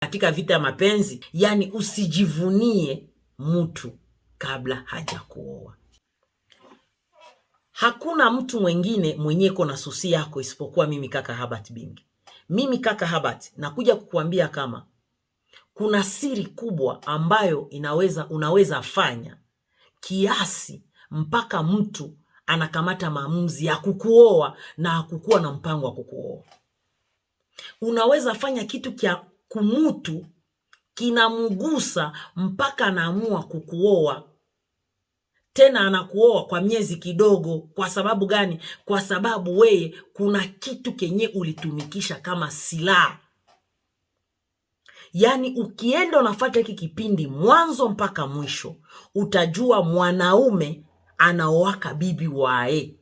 katika vita ya mapenzi, yaani usijivunie mtu kabla hajakuoa. Hakuna mtu mwingine mwenye na susi yako isipokuwa mimi kaka Habat Bingi. Mimi kaka Habat nakuja kukuambia kama kuna siri kubwa ambayo inaweza unaweza fanya kiasi mpaka mtu anakamata maamuzi ya kukuoa na hakukuwa na mpango wa kukuoa. Unaweza fanya kitu kia kumutu kinamgusa mpaka anaamua kukuoa tena anakuoa kwa miezi kidogo. Kwa sababu gani? Kwa sababu weye kuna kitu kenye ulitumikisha kama silaha. Yaani ukienda unafata hiki kipindi mwanzo mpaka mwisho, utajua mwanaume anaoaka bibi wae.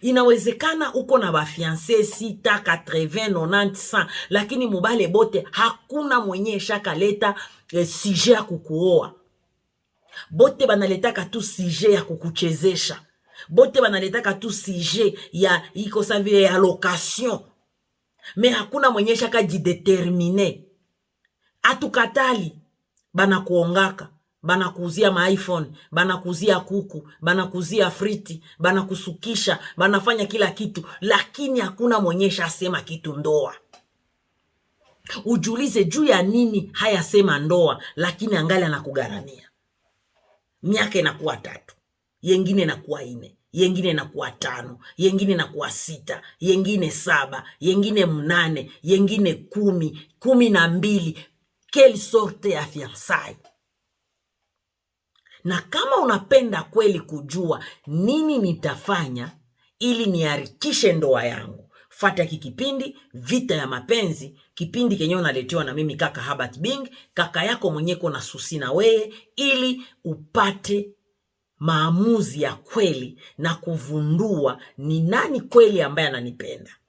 Inawezekana uko na bafianse sita, 80, 90, lakini mubale bote hakuna mwenye shakaleta eh, sije ya kukuoa. Bote banaletaka tu sije ya kukuchezesha, bote banaletaka tu sije ya iko savile ya location, me hakuna mwenye shaka jidetermine. Atukatali banakuongaka banakuuzia maiphone, banakuuzia kuku, banakuuzia friti, banakusukisha, banafanya kila kitu, lakini hakuna mwenyesha asema kitu ndoa. ujulize juu ya nini hayasema ndoa, lakini angali anakugharamia. Miaka inakuwa tatu, yengine inakuwa ine, yengine inakuwa tano, yengine inakuwa sita, yengine saba, yengine mnane, yengine kumi, kumi na mbili. Quelle sorte ya fiansai na kama unapenda kweli kujua nini nitafanya ili niharikishe ndoa yangu, fata hiki kipindi Vita ya Mapenzi, kipindi kenyewe unaletewa na mimi kaka Habart Bing, kaka yako mwenyeko na susi na weye, ili upate maamuzi ya kweli na kuvundua ni nani kweli ambaye ananipenda.